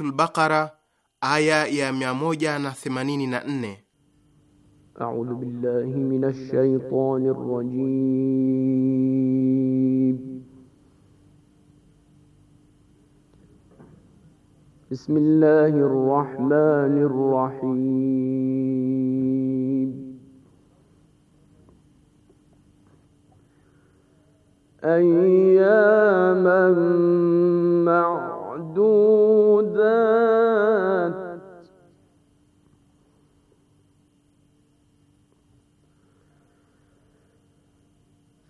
Suratul Baqara aya ya 184. A'udhu billahi minash shaitanir rajim. Bismillahir rahmanir rahim. أياما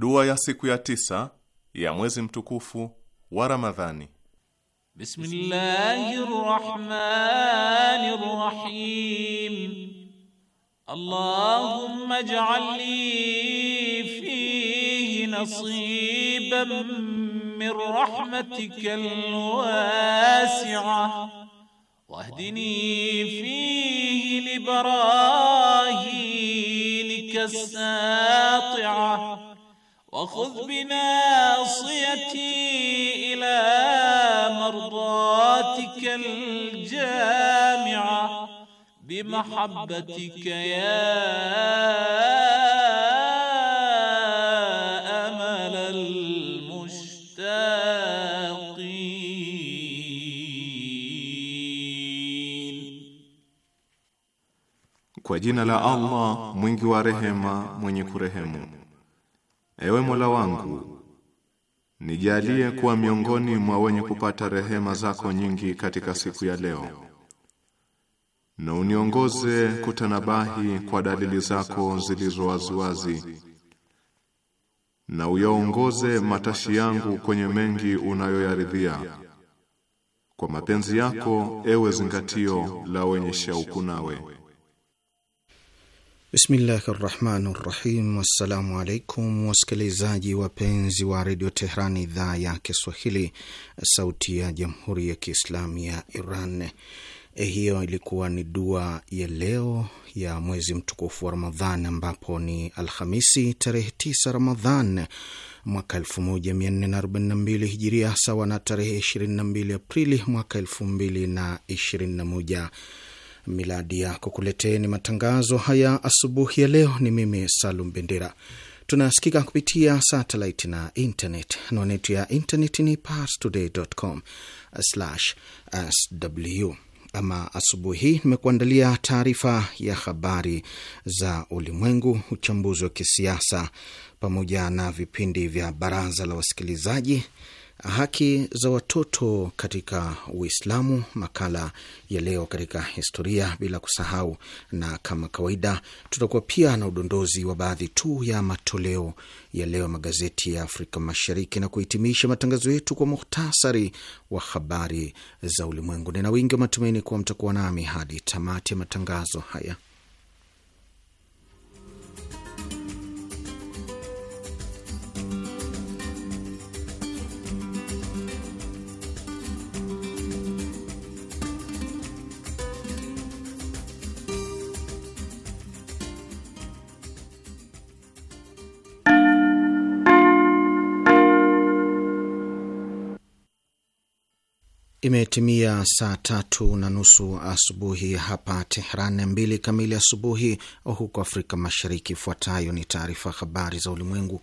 Dua ya siku ya tisa ya mwezi mtukufu wa Ramadhani. Bismillahir Rahmanir Rahim. Allahumma ij'al fihi nasiban min rahmatikal wasi'ah wahdini fihi li barahinika وخذ بناصيتي إلى مرضاتك الجامعة بمحبتك يا أمل المشتاقين kwa jina la Allah mwingi wa rehema mwenye kurehemu Ewe Mola wangu, nijalie kuwa miongoni mwa wenye kupata rehema zako nyingi katika siku ya leo, na uniongoze kutanabahi kwa dalili zako zilizo waziwazi, na uyaongoze matashi yangu kwenye mengi unayoyaridhia kwa mapenzi yako, ewe zingatio la wenye shauku nawe. Bismillahi rahmani rahim. Wassalamu alaikum wasikilizaji wapenzi wa redio Tehran, idhaa ya Kiswahili, sauti ya jamhuri ya kiislamu ya Iran. E, hiyo ilikuwa ni dua ya leo ya mwezi mtukufu wa Ramadhan, ambapo ni Alhamisi tarehe 9 Ramadhan mwaka 1442 Hijiria, sawa na tarehe 22 Aprili mwaka 2021 miladi ya kukuleteni matangazo haya asubuhi ya leo. Ni mimi Salum Bendera. Tunasikika kupitia satellite na internet. Anwani yetu ya internet ni parstoday.com/sw. Ama asubuhi hii nimekuandalia taarifa ya habari za ulimwengu, uchambuzi wa kisiasa, pamoja na vipindi vya baraza la wasikilizaji haki za watoto katika Uislamu, makala ya leo katika historia, bila kusahau, na kama kawaida, tutakuwa pia na udondozi wa baadhi tu ya matoleo ya leo magazeti ya Afrika Mashariki, na kuhitimisha matangazo yetu kwa muhtasari wa habari za ulimwengu. Nina wingi wa matumaini kuwa mtakuwa nami hadi tamati ya matangazo haya. Imetimia saa tatu na nusu asubuhi hapa Tehran, mbili kamili asubuhi huko Afrika Mashariki. Ifuatayo ni taarifa habari za ulimwengu,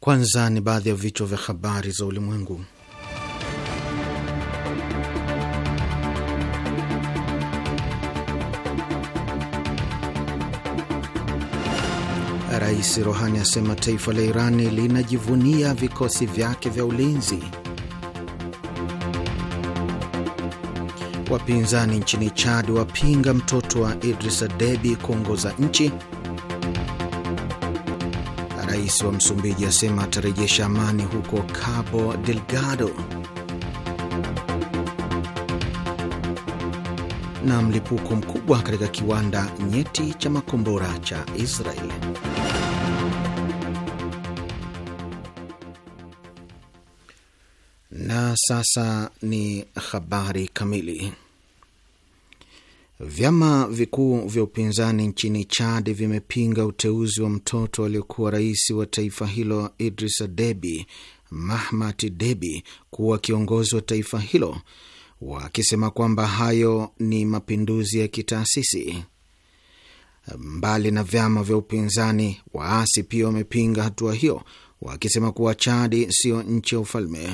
kwanza ni baadhi ya vichwa vya habari za ulimwengu. Rais Rohani asema taifa la Irani linajivunia vikosi vyake vya ulinzi. Wapinzani nchini Chad wapinga mtoto wa Idrisa Debi kuongoza nchi. Rais wa Msumbiji asema atarejesha amani huko Cabo Delgado. Na mlipuko mkubwa katika kiwanda nyeti cha makombora cha Israeli. Sasa ni habari kamili. Vyama vikuu vya upinzani nchini Chad vimepinga uteuzi wa mtoto aliyekuwa rais wa taifa hilo Idrisa Debi, Mahmat Debi, kuwa kiongozi wa taifa hilo, wakisema kwamba hayo ni mapinduzi ya kitaasisi. Mbali na vyama vya upinzani, waasi pia wamepinga hatua hiyo, wakisema kuwa Chadi siyo nchi ya ufalme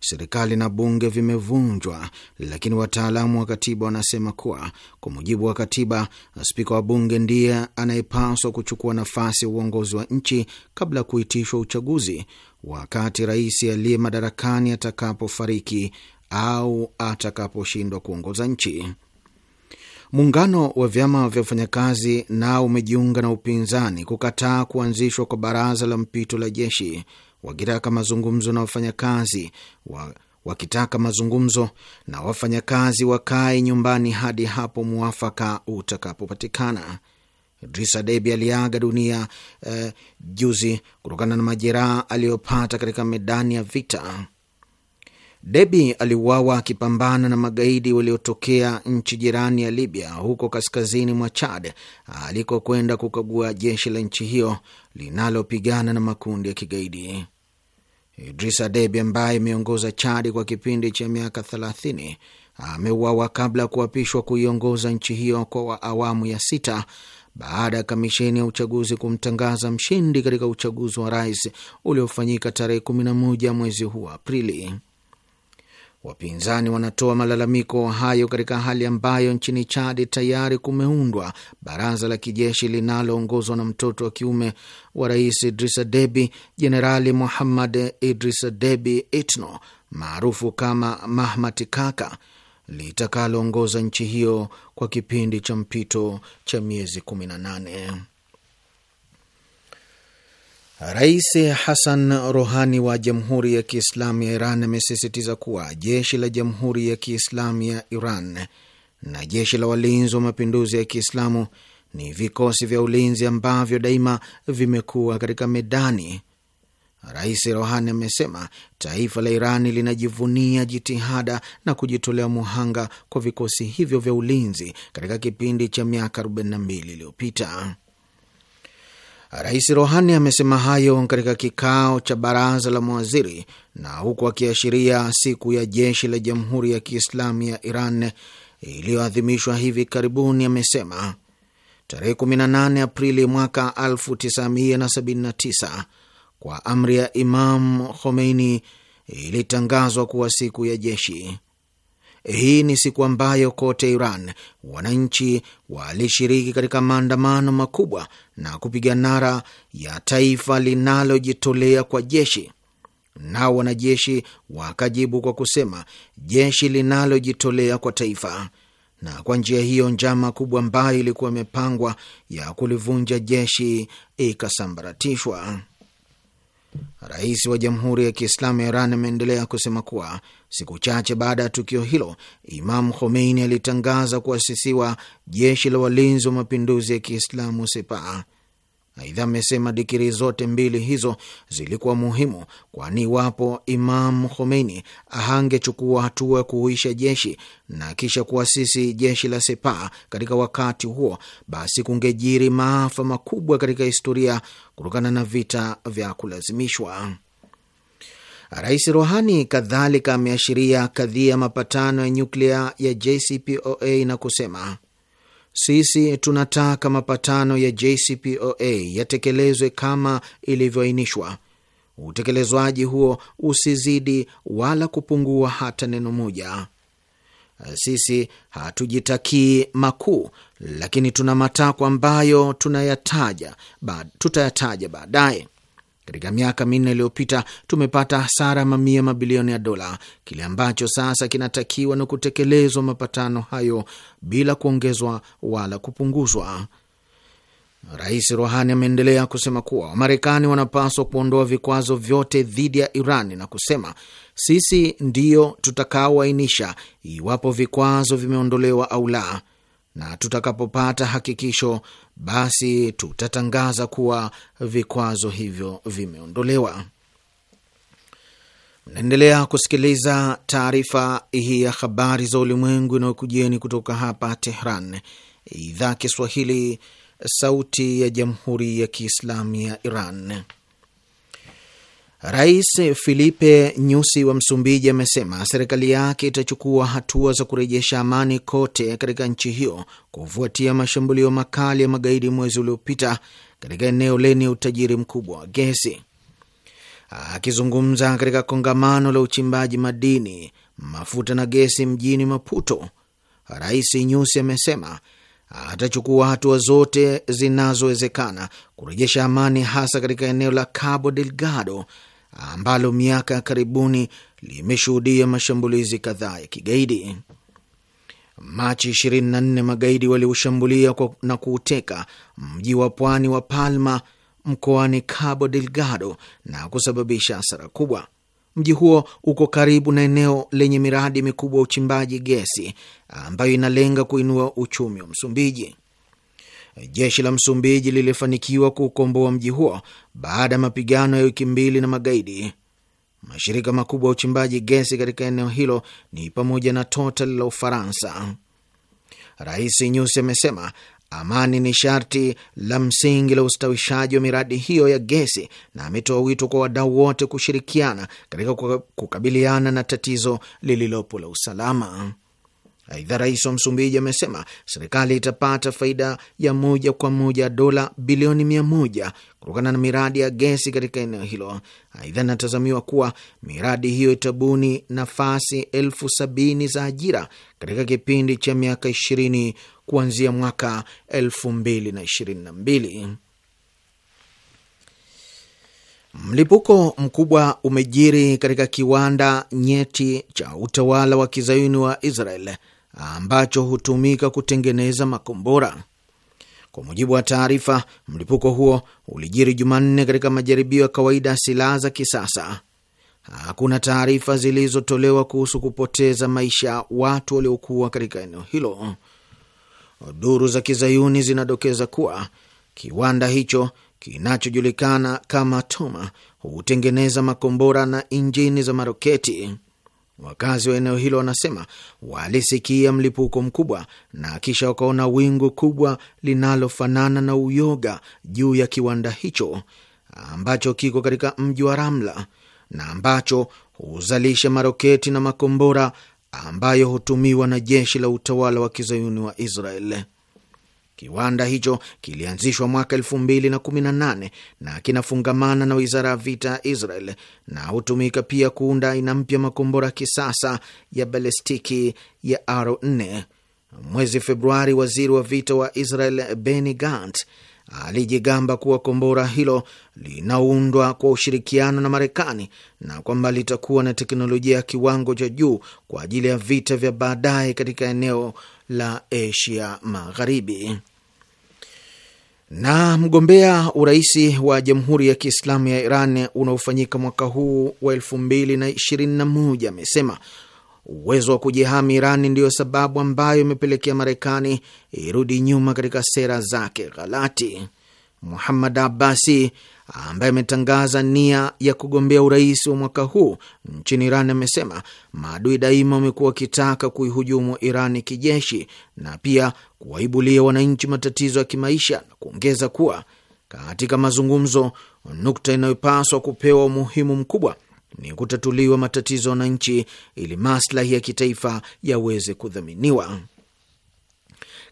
serikali na bunge vimevunjwa, lakini wataalamu wa katiba wanasema kuwa kwa mujibu wa katiba, spika wa bunge ndiye anayepaswa kuchukua nafasi ya uongozi wa nchi kabla ya kuitishwa uchaguzi, wakati rais aliye madarakani atakapofariki au atakaposhindwa kuongoza nchi. Muungano wa vyama vya wafanyakazi nao umejiunga na upinzani kukataa kuanzishwa kwa baraza la mpito la jeshi wakitaka mazungumzo na wafanyakazi wa, wakitaka mazungumzo na wafanyakazi wakae nyumbani hadi hapo mwafaka utakapopatikana. Idrisa Debi aliaga dunia eh, juzi kutokana na majeraha aliyopata katika medani ya vita. Debi aliuawa akipambana na magaidi waliotokea nchi jirani ya Libya, huko kaskazini mwa Chad, alikokwenda kukagua jeshi la nchi hiyo linalopigana na makundi ya kigaidi. Idrisa Debi ambaye imeongoza Chadi kwa kipindi cha miaka 30 ameuawa kabla ya kuapishwa kuiongoza nchi hiyo kwa awamu ya sita baada ya kamisheni ya uchaguzi kumtangaza mshindi katika uchaguzi wa rais uliofanyika tarehe 11 mwezi huu Aprili. Wapinzani wanatoa malalamiko hayo katika hali ambayo nchini Chadi tayari kumeundwa baraza la kijeshi linaloongozwa na mtoto wa kiume wa rais Idrisa Debi, Jenerali Muhammad Idrisa Debi Itno maarufu kama Mahmati Kaka, litakaloongoza nchi hiyo kwa kipindi cha mpito cha miezi 18. Rais Hassan Rohani wa Jamhuri ya Kiislamu ya Iran amesisitiza kuwa jeshi la Jamhuri ya Kiislamu ya Iran na jeshi la walinzi wa mapinduzi ya Kiislamu ni vikosi vya ulinzi ambavyo daima vimekuwa katika medani. Rais Rohani amesema taifa la Irani linajivunia jitihada na kujitolea muhanga kwa vikosi hivyo vya ulinzi katika kipindi cha miaka 42 iliyopita. Rais Rohani amesema hayo katika kikao cha baraza la mawaziri na huku akiashiria siku ya jeshi la jamhuri ya Kiislamu ya Iran iliyoadhimishwa hivi karibuni. Amesema tarehe 18 Aprili mwaka 1979 kwa amri ya Imam Khomeini ilitangazwa kuwa siku ya jeshi. Hii ni siku ambayo kote Iran wananchi walishiriki katika maandamano makubwa na kupiga nara ya taifa linalojitolea kwa jeshi, nao wanajeshi wakajibu kwa kusema jeshi linalojitolea kwa taifa. Na kwa njia hiyo njama kubwa ambayo ilikuwa imepangwa ya kulivunja jeshi ikasambaratishwa. Rais wa Jamhuri ya Kiislamu ya Iran ameendelea kusema kuwa siku chache baada ya tukio hilo, Imam Khomeini alitangaza kuasisiwa jeshi la walinzi wa mapinduzi ya Kiislamu Sepah. Aidha, amesema dikirii zote mbili hizo zilikuwa muhimu, kwani iwapo Imam Khomeini hangechukua hatua ya kuhuisha jeshi na kisha kuasisi jeshi la Sepa katika wakati huo, basi kungejiri maafa makubwa katika historia kutokana na vita vya kulazimishwa. Rais Rohani kadhalika ameashiria kadhia mapatano ya nyuklia ya JCPOA na kusema sisi tunataka mapatano ya JCPOA yatekelezwe kama ilivyoainishwa. Utekelezwaji huo usizidi wala kupungua hata neno moja. Sisi hatujitakii makuu, lakini tuna matakwa ambayo tunayataja, tutayataja baadaye. Katika miaka minne iliyopita tumepata hasara mamia mabilioni ya dola, kile ambacho sasa kinatakiwa na kutekelezwa mapatano hayo bila kuongezwa wala kupunguzwa. Rais Rohani ameendelea kusema kuwa Wamarekani wanapaswa kuondoa vikwazo vyote dhidi ya Iran na kusema sisi ndio tutakaoainisha iwapo vikwazo vimeondolewa au la na tutakapopata hakikisho, basi tutatangaza kuwa vikwazo hivyo vimeondolewa. Mnaendelea kusikiliza taarifa hii ya habari za ulimwengu inayokujieni kutoka hapa Tehran, idhaa Kiswahili, sauti ya jamhuri ya kiislamu ya Iran. Rais Filipe Nyusi wa Msumbiji amesema serikali yake itachukua hatua za kurejesha amani kote katika nchi hiyo kufuatia mashambulio makali ya magaidi mwezi uliopita katika eneo lenye utajiri mkubwa wa gesi. Akizungumza katika kongamano la uchimbaji madini, mafuta na gesi mjini Maputo, Rais Nyusi amesema atachukua hatua zote zinazowezekana kurejesha amani hasa katika eneo la Cabo Delgado ambalo miaka ya karibuni limeshuhudia mashambulizi kadhaa ya kigaidi. Machi 24 magaidi waliushambulia na kuuteka mji wa pwani wa Palma mkoani Cabo Delgado na kusababisha hasara kubwa. Mji huo uko karibu na eneo lenye miradi mikubwa ya uchimbaji gesi ambayo inalenga kuinua uchumi wa Msumbiji jeshi la Msumbiji lilifanikiwa kuukomboa mji huo baada ya mapigano ya wiki mbili na magaidi. Mashirika makubwa ya uchimbaji gesi katika eneo hilo ni pamoja na Total la Ufaransa. Rais Nyusi amesema amani ni sharti la msingi la ustawishaji wa miradi hiyo ya gesi, na ametoa wito kwa wadau wote kushirikiana katika kukabiliana na tatizo lililopo la usalama. Aidha, rais wa Msumbiji amesema serikali itapata faida ya moja kwa moja dola bilioni mia moja kutokana na miradi ya gesi katika eneo hilo. Aidha, inatazamiwa kuwa miradi hiyo itabuni nafasi elfu sabini za ajira katika kipindi cha miaka ishirini kuanzia mwaka elfu mbili na ishirini na mbili. Mlipuko mkubwa umejiri katika kiwanda nyeti cha utawala wa kizayuni wa Israel ambacho hutumika kutengeneza makombora. Kwa mujibu wa taarifa, mlipuko huo ulijiri Jumanne katika majaribio ya kawaida ya silaha za kisasa. Hakuna taarifa zilizotolewa kuhusu kupoteza maisha watu waliokuwa katika eneo hilo. Duru za kizayuni zinadokeza kuwa kiwanda hicho kinachojulikana kama Toma hutengeneza makombora na injini za maroketi. Wakazi wa eneo hilo wanasema walisikia mlipuko mkubwa na kisha wakaona wingu kubwa linalofanana na uyoga juu ya kiwanda hicho ambacho kiko katika mji wa Ramla na ambacho huzalisha maroketi na makombora ambayo hutumiwa na jeshi la utawala wa kizayuni wa Israel. Kiwanda hicho kilianzishwa mwaka elfu mbili na kumi na nane na kinafungamana na wizara ya vita ya Israel na hutumika pia kuunda aina mpya makombora ya kisasa ya balestiki ya R4. Mwezi Februari, waziri wa vita wa Israel Benny Gantz alijigamba kuwa kombora hilo linaundwa kwa ushirikiano na Marekani na kwamba litakuwa na teknolojia ya kiwango cha juu kwa ajili ya vita vya baadaye katika eneo la Asia Magharibi. Na mgombea urais wa Jamhuri ya Kiislamu ya Iran unaofanyika mwaka huu wa elfu mbili na ishirini na moja amesema uwezo wa kujihami Iran ndiyo sababu ambayo imepelekea Marekani irudi nyuma katika sera zake ghalati. Muhammad Abbasi ambaye ametangaza nia ya kugombea urais wa mwaka huu nchini Iran amesema maadui daima wamekuwa wakitaka kuihujumu Iran kijeshi na pia kuwaibulia wananchi matatizo ya kimaisha na kuongeza kuwa katika mazungumzo, nukta inayopaswa kupewa umuhimu mkubwa ni kutatuliwa matatizo ya wananchi ili maslahi ya kitaifa yaweze kudhaminiwa.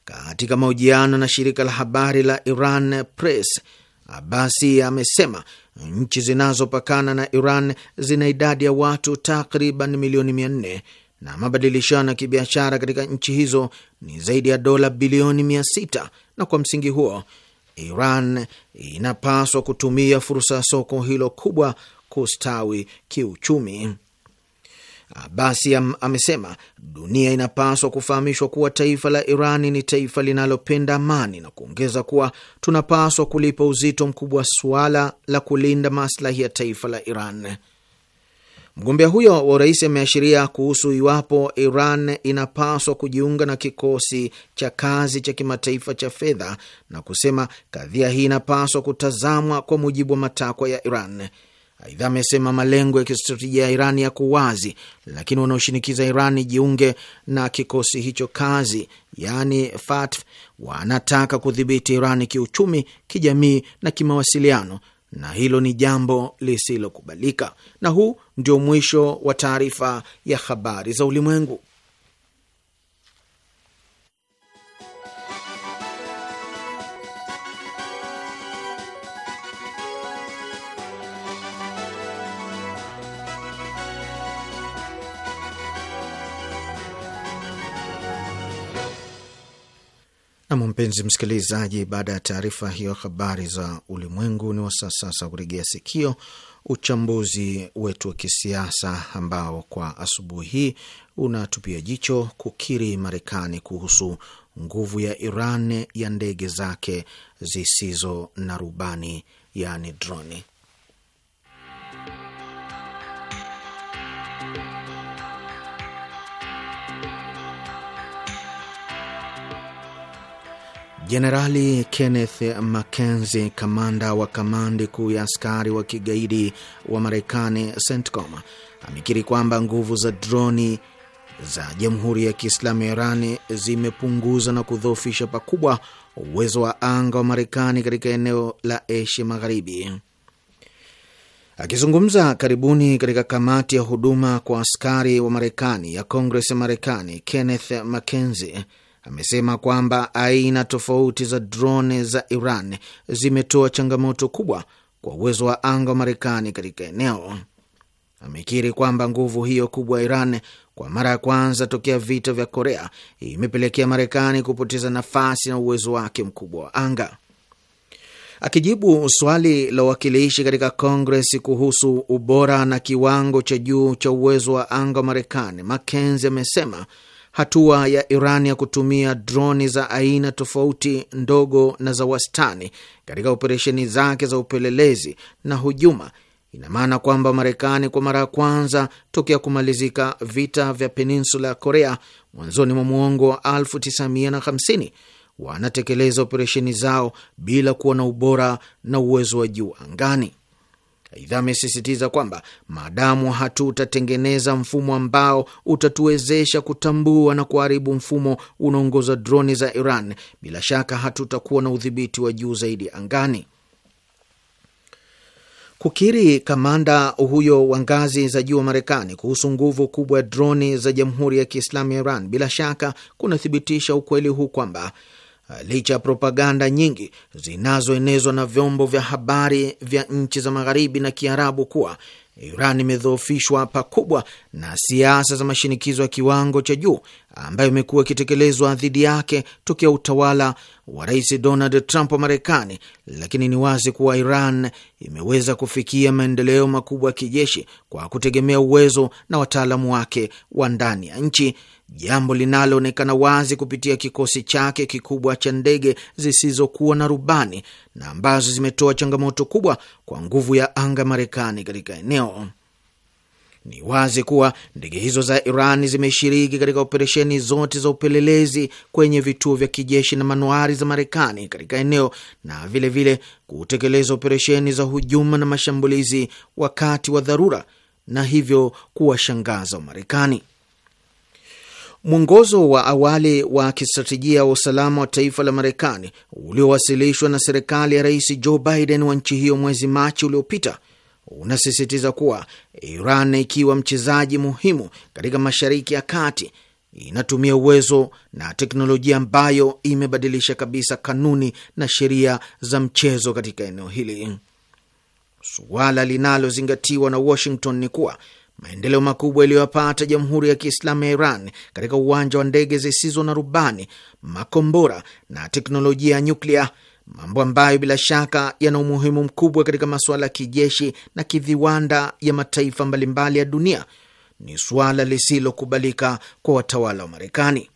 Katika mahojiano na shirika la habari la Iran Press, Abasi amesema nchi zinazopakana na Iran zina idadi ya watu takriban milioni mia nne na mabadilishano ya kibiashara katika nchi hizo ni zaidi ya dola bilioni mia sita na kwa msingi huo Iran inapaswa kutumia fursa ya soko hilo kubwa kustawi kiuchumi. Abasi amesema dunia inapaswa kufahamishwa kuwa taifa la Irani ni taifa linalopenda amani na kuongeza kuwa tunapaswa kulipa uzito mkubwa suala la kulinda maslahi ya taifa la Iran. Mgombea huyo wa urais ameashiria kuhusu iwapo Iran inapaswa kujiunga na kikosi cha kazi cha kimataifa cha fedha na kusema kadhia hii inapaswa kutazamwa kwa mujibu wa matakwa ya Iran. Aidha amesema malengo ya kistratejia ya Irani yako wazi, lakini wanaoshinikiza Irani jiunge na kikosi hicho kazi, yaani FATF, wanataka kudhibiti iran kiuchumi, kijamii na kimawasiliano, na hilo ni jambo lisilokubalika. Na huu ndio mwisho wa taarifa ya habari za ulimwengu. Nam, mpenzi msikilizaji, baada ya taarifa hiyo habari za ulimwengu, ni wasasasa sasa kuregea sikio uchambuzi wetu wa kisiasa ambao kwa asubuhi hii unatupia jicho kukiri Marekani kuhusu nguvu ya Iran ya ndege zake zisizo na rubani, yaani droni. Jenerali Kenneth Mackenzie, kamanda wa kamandi kuu ya askari wa kigaidi wa Marekani, CENTCOM, amekiri kwamba nguvu za droni za Jamhuri ya Kiislamu ya irani zimepunguza na kudhoofisha pakubwa uwezo wa anga wa Marekani katika eneo la Asia Magharibi. Akizungumza karibuni katika kamati ya huduma kwa askari wa Marekani ya Kongres ya Marekani, Kenneth Mackenzie amesema kwamba aina tofauti za drone za Iran zimetoa changamoto kubwa kwa uwezo wa anga wa Marekani katika eneo. Amekiri kwamba nguvu hiyo kubwa ya Iran kwa mara ya kwanza tokea vita vya Korea imepelekea Marekani kupoteza nafasi na uwezo wake mkubwa wa anga. Akijibu swali la uwakilishi katika Kongres kuhusu ubora na kiwango cha juu cha uwezo wa anga wa Marekani, Makenzi amesema hatua ya Iran ya kutumia droni za aina tofauti, ndogo na za wastani, katika operesheni zake za upelelezi na hujuma ina maana kwamba Marekani kwa mara ya kwanza tokea kumalizika vita vya peninsula ya Korea mwanzoni mwa muongo wa 1950 wanatekeleza operesheni zao bila kuwa na ubora na uwezo wa juu angani. Aidha, amesisitiza kwamba maadamu hatutatengeneza mfumo ambao utatuwezesha kutambua na kuharibu mfumo unaongoza droni za Iran, bila shaka hatutakuwa na udhibiti wa juu zaidi angani. Kukiri kamanda huyo wa ngazi za juu wa Marekani kuhusu nguvu kubwa ya droni za Jamhuri ya Kiislamu ya Iran bila shaka kunathibitisha ukweli huu kwamba Ah, licha ya propaganda nyingi zinazoenezwa na vyombo vya habari vya nchi za magharibi na Kiarabu kuwa Iran imedhoofishwa pakubwa na siasa za mashinikizo ya kiwango cha juu ambayo imekuwa ikitekelezwa dhidi yake tokea utawala wa Rais Donald Trump wa Marekani, lakini ni wazi kuwa Iran imeweza kufikia maendeleo makubwa ya kijeshi kwa kutegemea uwezo na wataalamu wake wa ndani ya nchi jambo linaloonekana wazi kupitia kikosi chake kikubwa cha ndege zisizokuwa na rubani na ambazo zimetoa changamoto kubwa kwa nguvu ya anga Marekani katika eneo. Ni wazi kuwa ndege hizo za Iran zimeshiriki katika operesheni zote za upelelezi kwenye vituo vya kijeshi na manuari za Marekani katika eneo na vilevile kutekeleza operesheni za hujuma na mashambulizi wakati wa dharura na hivyo kuwashangaza Wamarekani. Mwongozo wa awali wa kistratejia wa usalama wa taifa la Marekani uliowasilishwa na serikali ya Rais Joe Biden wa nchi hiyo mwezi Machi uliopita unasisitiza kuwa Iran ikiwa mchezaji muhimu katika Mashariki ya Kati inatumia uwezo na teknolojia ambayo imebadilisha kabisa kanuni na sheria za mchezo katika eneo hili. Suala linalozingatiwa na Washington ni kuwa Maendeleo makubwa yaliyoyapata Jamhuri ya Kiislamu ya Iran katika uwanja wa ndege zisizo na rubani, makombora na teknolojia ya nyuklia, mambo ambayo bila shaka yana umuhimu mkubwa katika masuala ya kijeshi na kiviwanda ya mataifa mbalimbali ya dunia, ni suala lisilokubalika kwa watawala wa Marekani.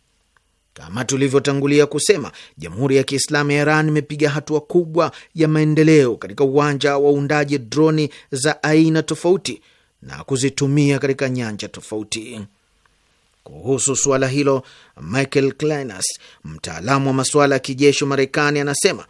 Kama tulivyotangulia kusema, Jamhuri ya Kiislamu ya Iran imepiga hatua kubwa ya maendeleo katika uwanja wa uundaji droni za aina tofauti na kuzitumia katika nyanja tofauti. Kuhusu suala hilo, Michael Kleinas, mtaalamu wa masuala ya kijeshi wa Marekani, anasema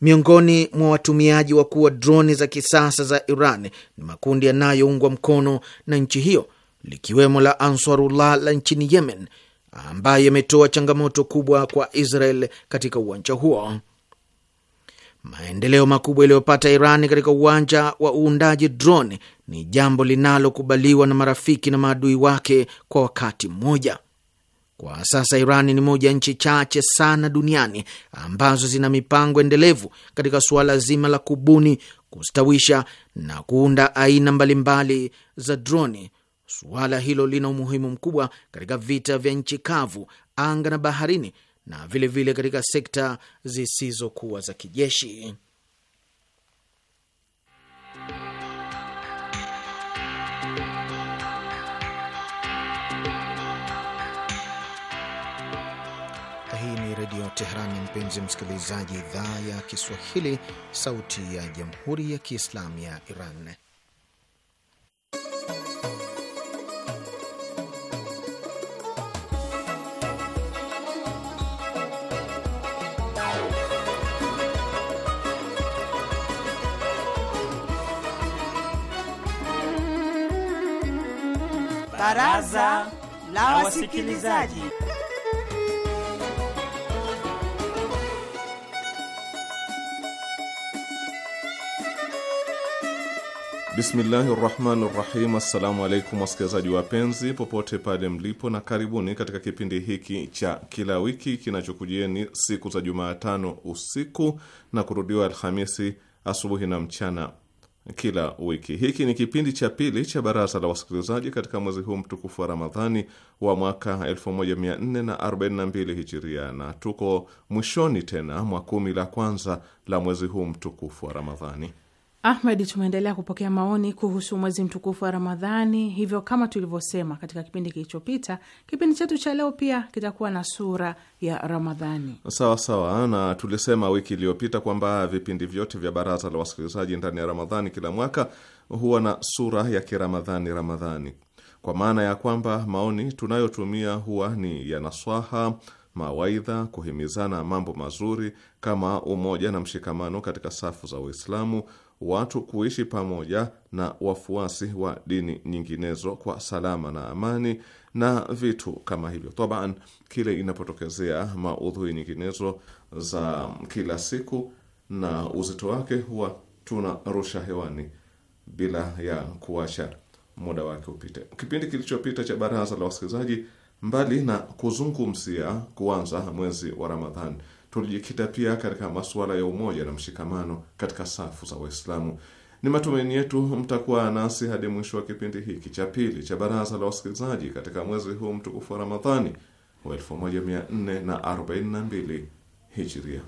miongoni mwa watumiaji wakuu wa droni za kisasa za Iran ni makundi yanayoungwa mkono na nchi hiyo likiwemo la Ansarullah la nchini Yemen, ambayo yametoa changamoto kubwa kwa Israel katika uwanja huo. Maendeleo makubwa yaliyopata Iran katika uwanja wa uundaji droni ni jambo linalokubaliwa na marafiki na maadui wake kwa wakati mmoja. Kwa sasa Irani ni moja ya nchi chache sana duniani ambazo zina mipango endelevu katika suala zima la kubuni, kustawisha na kuunda aina mbalimbali za droni. Suala hilo lina umuhimu mkubwa katika vita vya nchi kavu, anga na baharini, na vilevile vile katika sekta zisizokuwa za kijeshi. Redio Teherani. Mpenzi msikilizaji, idhaa ya Kiswahili, sauti ya jamhuri ya kiislamu ya Iran. Baraza la Wasikilizaji. Bismillahi rahmani rahim. Assalamu alaikum wasikilizaji wapenzi popote pale mlipo, na karibuni katika kipindi hiki cha kila wiki kinachokujieni siku za Jumatano usiku na kurudiwa Alhamisi asubuhi na mchana kila wiki. Hiki ni kipindi cha pili cha baraza la wasikilizaji katika mwezi huu mtukufu wa Ramadhani wa mwaka 1442 Hijiria, na tuko mwishoni tena mwa kumi la kwanza la mwezi huu mtukufu wa Ramadhani. Ahmed, tumeendelea kupokea maoni kuhusu mwezi mtukufu wa Ramadhani. Hivyo kama tulivyosema katika kipindi kilichopita, kipindi chetu cha leo pia kitakuwa na sura ya Ramadhani. Sawa sawa, na tulisema wiki iliyopita kwamba vipindi vyote vya Baraza la Wasikilizaji ndani ya Ramadhani kila mwaka huwa na sura ya kiramadhani Ramadhani, kwa maana ya kwamba maoni tunayotumia huwa ni ya naswaha mawaidha, kuhimizana mambo mazuri kama umoja na mshikamano katika safu za Uislamu, watu kuishi pamoja na wafuasi wa dini nyinginezo kwa salama na amani na vitu kama hivyo. Taban, kile inapotokezea maudhui nyinginezo za kila siku na uzito wake huwa tuna rusha hewani bila ya kuacha muda wake upite. Kipindi kilichopita cha Baraza la Wasikilizaji, mbali na kuzungumzia kuanza mwezi wa Ramadhani tulijikita pia katika masuala ya umoja na mshikamano katika safu za Waislamu. Ni matumaini yetu mtakuwa nasi hadi mwisho wa kipindi hiki cha pili cha Baraza la Wasikilizaji katika mwezi huu mtukufu wa Ramadhani wa 1442 Hijiria.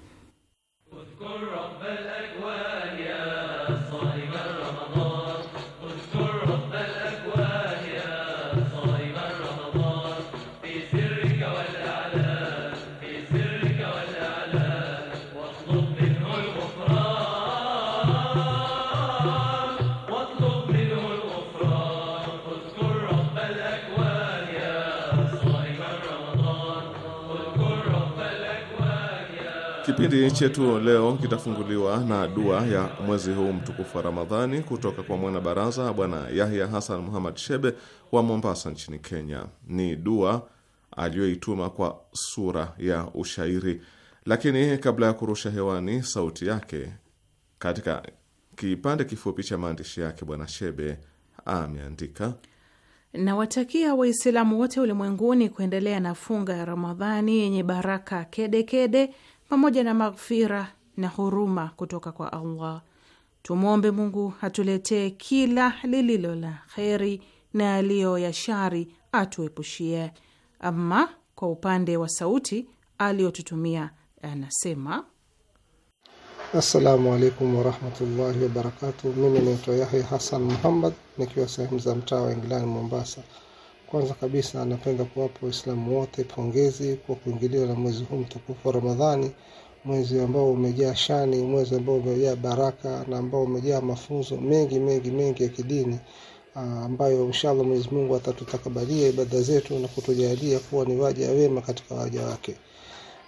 Kipindi chetu leo kitafunguliwa na dua ya mwezi huu mtukufu wa Ramadhani kutoka kwa mwanabaraza Bwana Yahya Hassan Muhammad Shebe wa Mombasa nchini Kenya. Ni dua aliyoituma kwa sura ya ushairi, lakini kabla ya kurusha hewani sauti yake, katika kipande kifupi cha maandishi yake, Bwana Shebe ameandika: Nawatakia Waislamu wote ulimwenguni kuendelea na funga ya Ramadhani yenye baraka kedekede kede, pamoja na maghfira na huruma kutoka kwa Allah. Tumwombe Mungu atuletee kila lililo la kheri na yaliyo ya shari atuepushie. Ama kwa upande wa sauti aliyotutumia anasema: assalamu alaikum warahmatullahi wabarakatuh. Mimi naitwa Yahya Hasan Muhammad nikiwa sehemu za mtaa wa England, Mombasa. Kwanza kabisa napenda kuwapa Waislamu wote pongezi kwa kuingiliwa na mwezi huu mtukufu wa Ramadhani, mwezi ambao umejaa shani, mwezi ambao umejaa baraka na ambao umejaa mafunzo mengi mengi mengi ya kidini ah, ambayo inshallah Mwenyezi Mungu atatutakabalia ibada zetu na kutujalia kuwa ni waja wema katika waja wake.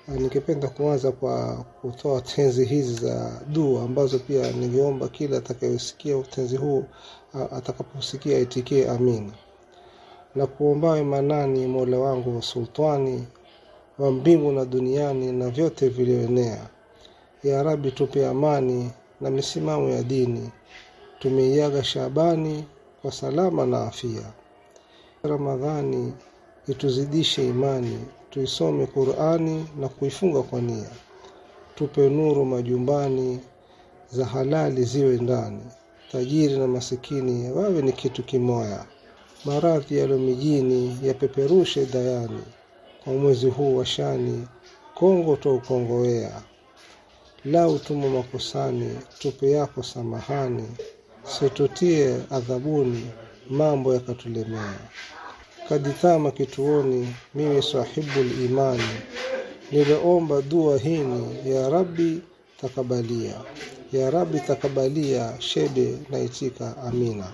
Ah, ningependa kuanza kwa kutoa tenzi hizi za dua ambazo pia ningeomba kila atakayesikia utenzi huu ah, atakaposikia aitikie amina na kuombawe manani Mola wangu sultani wa mbingu na duniani na vyote vilioenea. Ya Rabi, tupe amani na misimamo ya dini, tumeiaga Shabani kwa salama na afia. Ramadhani ituzidishe imani, tuisome Qurani na kuifunga kwa nia. Tupe nuru majumbani, za halali ziwe ndani, tajiri na masikini wawe ni kitu kimoya maradhi yalo mijini yapeperushe dayani, kwa mwezi huu wa shani Kongo twaukongowea. Lau tumo makosani, tupe yako samahani, situtie adhabuni, mambo yakatulemea. Kadithama kituoni, mimi sahibul imani, niliomba dua hini, ya Rabbi takabalia, ya Rabbi takabalia, shebe naitika amina.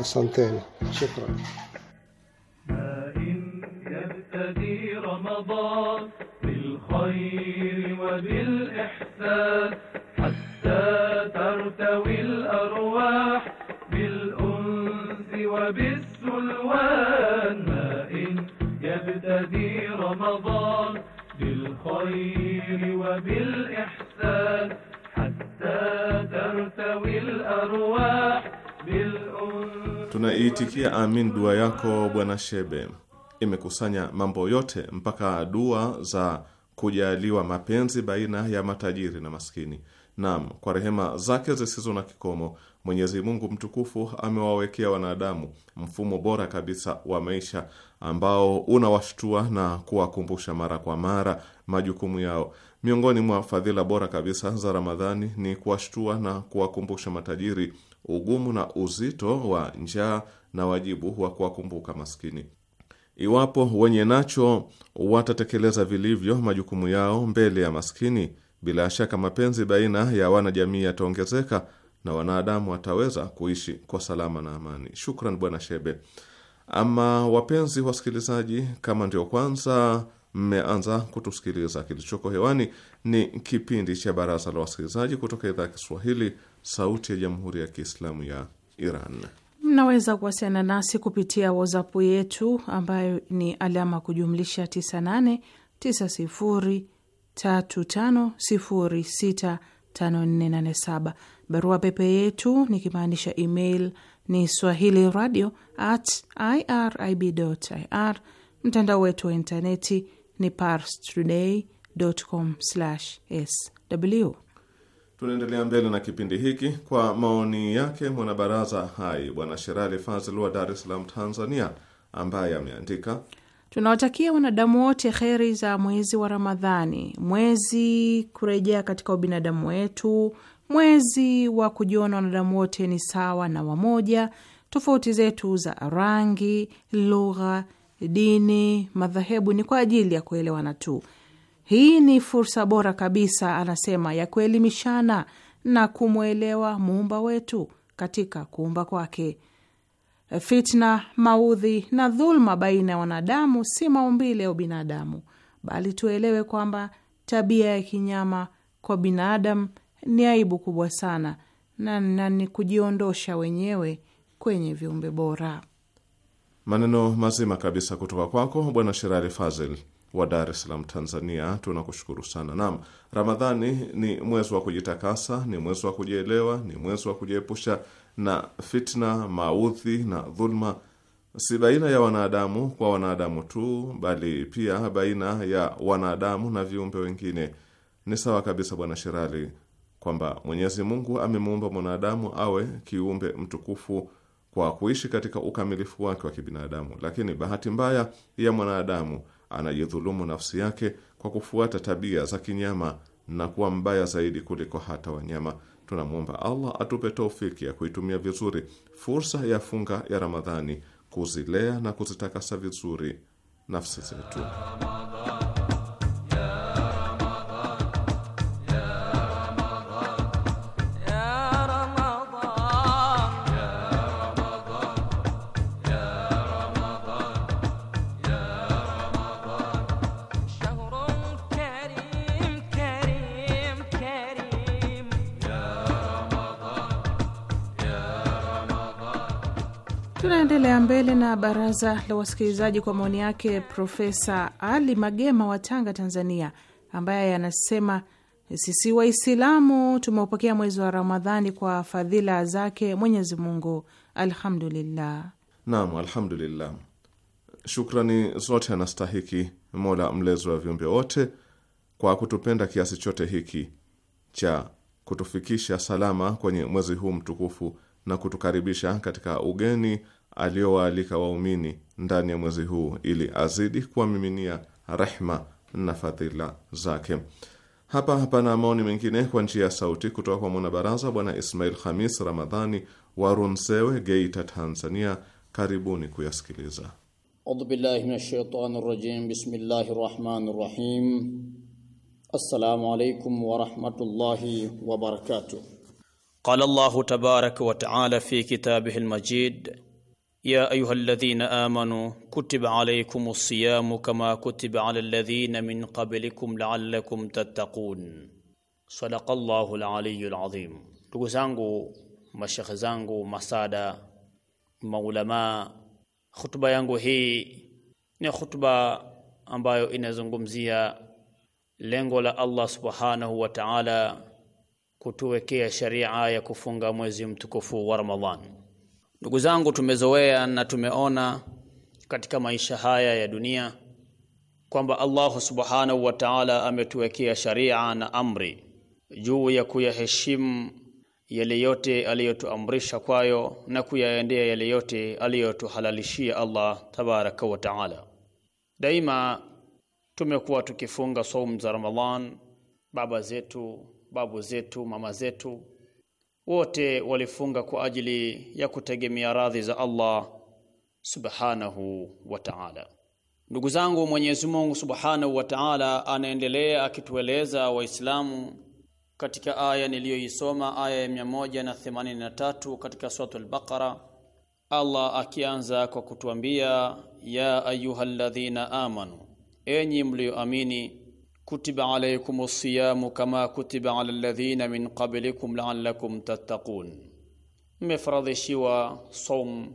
حسن تاني شكرا ما إن يبتدي رمضان بالخير وبالإحسان حتى ترتوي الأرواح بالأنس وبالسلوان ما إن يبتدي رمضان بالخير وبالإحسان حتى ترتوي الأرواح Tunaiitikia amin dua yako Bwana Shebe. Imekusanya mambo yote mpaka dua za kujaliwa mapenzi baina ya matajiri na maskini. Naam, kwa rehema zake zisizo na kikomo Mwenyezi Mungu mtukufu amewawekea wanadamu mfumo bora kabisa wa maisha ambao unawashtua na kuwakumbusha mara kwa mara majukumu yao. Miongoni mwa fadhila bora kabisa za Ramadhani ni kuwashtua na kuwakumbusha matajiri ugumu na uzito wa njaa na wajibu wa kuwakumbuka maskini. Iwapo wenye nacho watatekeleza vilivyo majukumu yao mbele ya maskini, bila shaka mapenzi baina ya wanajamii yataongezeka na wanadamu wataweza kuishi kwa salama na amani. Shukran Bwana Shebe. Ama wapenzi wasikilizaji, kama ndio kwanza mmeanza kutusikiliza, kilichoko hewani ni kipindi cha Baraza la Wasikilizaji kutoka idhaa ya Kiswahili Sauti ya Jamhuri ya Kiislamu ya Iran. Mnaweza kuwasiliana nasi kupitia WhatsApp yetu ambayo ni alama kujumlisha 989035065487. Barua pepe yetu nikimaanisha email ni swahili radio at irib ir. Mtandao wetu wa intaneti ni today com sw Tunaendelea mbele na kipindi hiki kwa maoni yake mwanabaraza hai Bwana Sherali Fazil wa Dar es Salaam, Tanzania, ambaye ameandika tunawatakia wanadamu wote kheri za mwezi wa Ramadhani, mwezi kurejea katika ubinadamu wetu, mwezi wa kujiona wanadamu wote ni sawa na wamoja, tofauti zetu za rangi, lugha, dini, madhehebu ni kwa ajili ya kuelewana tu hii ni fursa bora kabisa, anasema, ya kuelimishana na kumwelewa muumba wetu katika kuumba kwake. Fitna, maudhi na dhuluma baina ya wanadamu si maumbile ya ubinadamu, bali tuelewe kwamba tabia ya kinyama kwa binadamu ni aibu kubwa sana na, na ni kujiondosha wenyewe kwenye viumbe bora. Maneno mazima kabisa kutoka kwako Bwana Sherari Fazel wa Dar es Salaam, Tanzania. Tunakushukuru sana. Naam, Ramadhani ni mwezi wa kujitakasa, ni mwezi wa kujielewa, ni mwezi wa kujiepusha na fitna, maudhi na dhulma, si baina ya wanadamu kwa wanadamu tu, bali pia baina ya wanadamu na viumbe wengine. Ni sawa kabisa, Bwana Sherali, kwamba Mwenyezi Mungu amemuumba mwanadamu awe kiumbe mtukufu kwa kuishi katika ukamilifu wake wa kibinadamu, lakini bahati mbaya ya mwanadamu anajidhulumu nafsi yake kwa kufuata tabia za kinyama na kuwa mbaya zaidi kuliko hata wanyama. Tunamwomba Allah atupe taufiki ya kuitumia vizuri fursa ya funga ya Ramadhani, kuzilea na kuzitakasa vizuri nafsi zetu. Tunaendelea mbele na baraza la wasikilizaji kwa maoni yake Profesa Ali Magema wa Tanga, Tanzania, ambaye anasema sisi Waislamu tumeupokea mwezi wa Ramadhani kwa fadhila zake Mwenyezi Mungu, alhamdulillah. Naam, alhamdulillah, shukrani zote anastahiki Mola mlezi wa viumbe wote kwa kutupenda kiasi chote hiki cha kutufikisha salama kwenye mwezi huu mtukufu na kutukaribisha katika ugeni aliyowaalika waumini ndani ya mwezi huu ili azidi kuwamiminia rehma na fadhila zake. Hapa hapana maoni mengine kwa njia ya sauti kutoka kwa mwanabaraza Bwana Ismail Khamis Ramadhani wa Runzewe, Geita, Tanzania. Karibuni kuyasikiliza. Audhu billahi minash shaitani rajim. Bismillahir rahmanir rahim. Assalamu alaykum wa rahmatullahi wa barakatuh. Qala Allahu tabaraka wa ta'ala fi majid يا أيها الذين آمنوا كتب عليكم الصيام كما كتب على الذين من قبلكم لعلكم تتقون صدق الله العلي العظيم تقزانغو مشيخ مسادة مولما خطبة يانغو هي ni khutba ambayo inazungumzia lengo la Allah subhanahu wa ta'ala kutuwekea sharia ya kufunga mwezi mtukufu wa Ndugu zangu, tumezoea na tumeona katika maisha haya ya dunia kwamba Allah subhanahu wa ta'ala ametuwekea sharia na amri juu ya kuyaheshimu yale yote aliyotuamrisha kwayo na kuyaendea yale yote aliyotuhalalishia Allah tabaraka wa taala. Daima tumekuwa tukifunga saumu za Ramadhan, baba zetu, babu zetu, mama zetu wote walifunga kwa ajili ya kutegemea radhi za Allah subhanahu wa ta'ala. Ndugu zangu, Mwenyezi Mungu subhanahu wa ta'ala anaendelea akitueleza Waislamu katika aya niliyoisoma, aya ya 183 katika al Baqara, Allah akianza kwa kutuambia ya ayyuhalladhina amanu, enyi mlioamini kutiba alaykum as-siyamu kama kutiba ala alladhina min qablikum la'allakum tattaqun, mmefaradhishiwa saum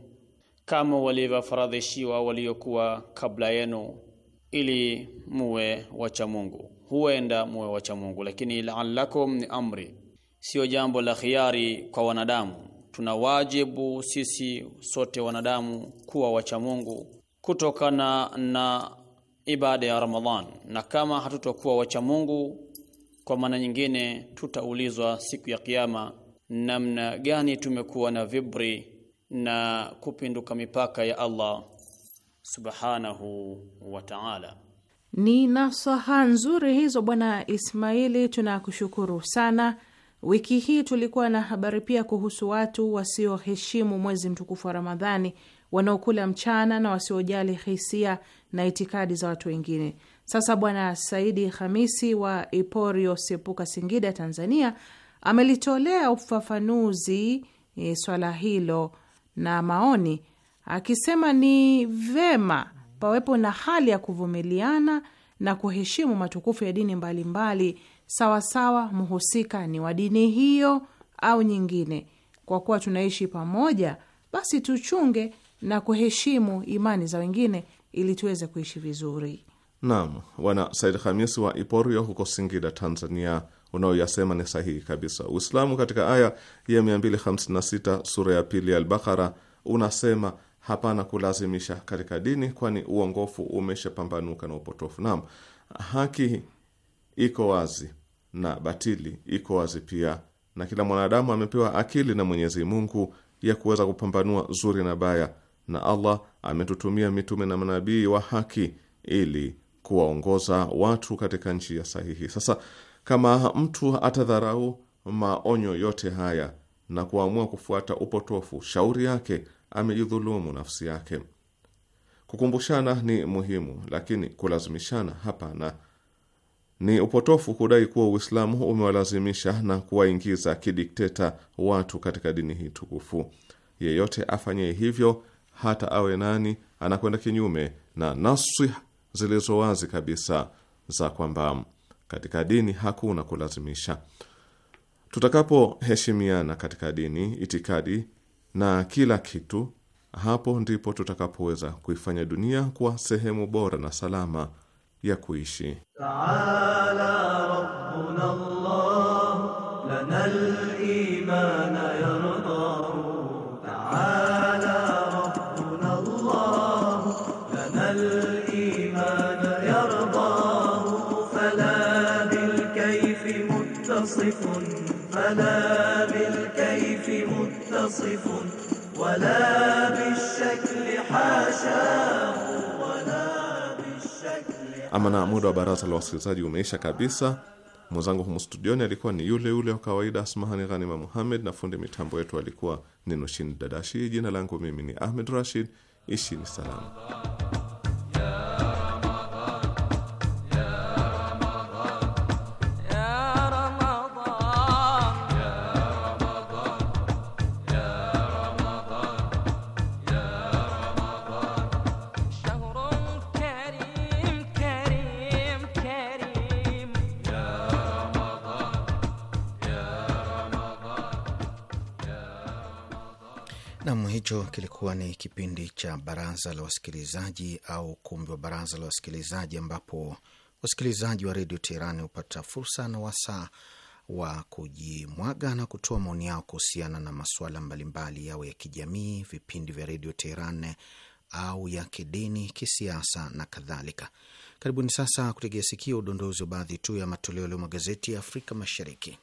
kama walivyofaradhishiwa waliokuwa kabla yenu, ili muwe wacha Mungu. Huenda muwe wacha Mungu, lakini la'allakum ni amri, sio jambo la khiari kwa wanadamu. Tuna wajibu sisi sote wanadamu kuwa wacha Mungu kutokana na ibada ya Ramadhan na kama hatutokuwa wacha Mungu kwa maana nyingine tutaulizwa siku ya kiyama namna gani tumekuwa na vibri na kupinduka mipaka ya Allah subhanahu wa ta'ala. Ni nasaha nzuri hizo Bwana Ismaili, tunakushukuru sana. Wiki hii tulikuwa na habari pia kuhusu watu wasioheshimu mwezi mtukufu wa Ramadhani, wanaokula mchana na wasiojali hisia na itikadi za watu wengine. Sasa Bwana Saidi Hamisi wa Iporio Sepuka, Singida, Tanzania, amelitolea ufafanuzi e, swala hilo na maoni akisema ni vema pawepo na hali ya kuvumiliana na kuheshimu matukufu ya dini mbalimbali sawasawa, mhusika ni wa dini hiyo au nyingine. Kwa kuwa tunaishi pamoja, basi tuchunge na kuheshimu imani za wengine ili tuweze kuishi vizuri. Naam, Bwana Said Hamis wa Iporio huko Singida, Tanzania, unaoyasema ni sahihi kabisa. Uislamu katika aya ya 256 sura ya pili ya Albakara unasema hapana kulazimisha katika dini, kwani uongofu umeshapambanuka na upotofu. Naam, haki iko wazi na batili iko wazi pia, na kila mwanadamu amepewa akili na Mwenyezi Mungu ya kuweza kupambanua zuri na baya na Allah ametutumia mitume na manabii wa haki ili kuwaongoza watu katika njia sahihi. Sasa kama mtu atadharau maonyo yote haya na kuamua kufuata upotofu, shauri yake amejidhulumu nafsi yake. Kukumbushana ni muhimu, lakini kulazimishana hapana. Ni upotofu kudai kuwa Uislamu umewalazimisha na kuwaingiza kidikteta watu katika dini hii tukufu. Yeyote afanye hivyo hata awe nani, anakwenda kinyume na nasi zilizo wazi kabisa za kwamba katika dini hakuna kulazimisha. Tutakapoheshimiana katika dini, itikadi na kila kitu, hapo ndipo tutakapoweza kuifanya dunia kuwa sehemu bora na salama ya kuishi. Taala منصف ولا بالشكل حاشاه ولا بالشكل ama na muda wa baraza la wasikilizaji umeisha kabisa. Mwenzangu humu studioni alikuwa ni yule yule wa kawaida Asmahani Ghanima muhammed na fundi mitambo yetu alikuwa ni Nushin Dadashi. Jina langu mimi ni Ahmed Rashid. Ishini salama. hicho kilikuwa ni kipindi cha baraza la wasikilizaji au ukumbi wa baraza la wasikilizaji, ambapo wasikilizaji wa redio Teherani hupata fursa na wasaa wa kujimwaga na kutoa maoni yao kuhusiana na masuala mbalimbali, yao ya kijamii, vipindi vya redio Teheran au ya kidini, kisiasa na kadhalika. Karibuni sasa kutegea sikio udondozi wa baadhi tu ya matoleo leo magazeti ya Afrika Mashariki.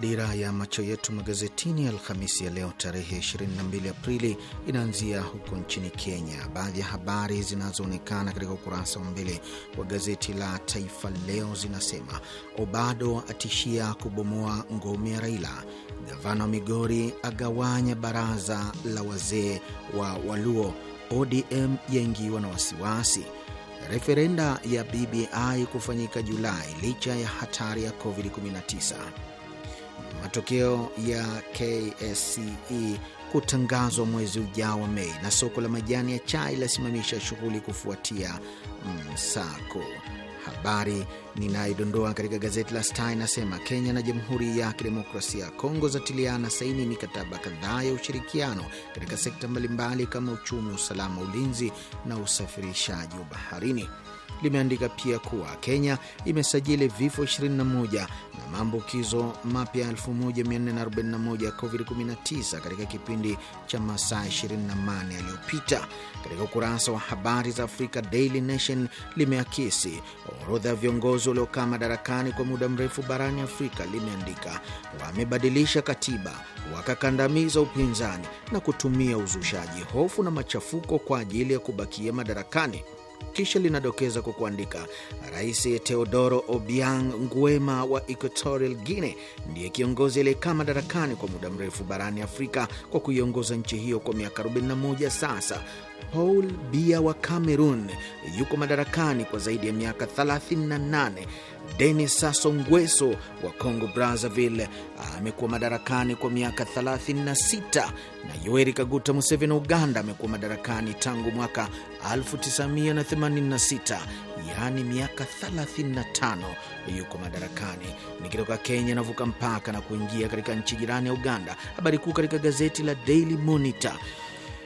Dira ya macho yetu magazetini Alhamisi ya leo tarehe 22 Aprili inaanzia huko nchini Kenya. Baadhi ya habari zinazoonekana katika ukurasa wa mbele wa gazeti la Taifa Leo zinasema Obado atishia kubomoa ngome ya Raila, gavana wa Migori agawanya baraza la wazee wa Waluo, ODM yaingiwa na wasiwasi referenda ya BBI kufanyika Julai licha ya hatari ya COVID-19 matokeo ya KSCE kutangazwa mwezi ujao wa Mei, na soko la majani ya chai lasimamisha shughuli kufuatia msako. Habari ninayodondoa katika gazeti la Star inasema Kenya na Jamhuri ya Kidemokrasia ya Kongo zatiliana saini mikataba kadhaa ya ushirikiano katika sekta mbalimbali kama uchumi, usalama, ulinzi na usafirishaji wa baharini. Limeandika pia kuwa Kenya imesajili vifo 21 na maambukizo mapya 1441 ya COVID-19 katika kipindi cha masaa 24 yaliyopita. Katika ukurasa wa habari za Afrika, Daily Nation limeakisi orodha ya viongozi viongozi waliokaa madarakani kwa muda mrefu barani Afrika limeandika wamebadilisha katiba, wakakandamiza upinzani na kutumia uzushaji hofu na machafuko kwa ajili ya kubakia madarakani. Kisha linadokeza kwa kuandika, Rais Teodoro Obiang Nguema wa Equatorial Guinea ndiye kiongozi aliyekaa madarakani kwa muda mrefu barani Afrika kwa kuiongoza nchi hiyo kwa miaka 41 sasa, Paul Biya wa Cameroon yuko madarakani kwa zaidi ya miaka 38. Denis Sassou Nguesso wa Congo Brazzaville amekuwa madarakani kwa miaka 36, na Yoweri Kaguta Museveni wa Uganda amekuwa madarakani tangu mwaka 1986, yaani miaka 35 yuko madarakani. Nikitoka Kenya navuka mpaka na kuingia katika nchi jirani ya Uganda. Habari kuu katika gazeti la Daily Monitor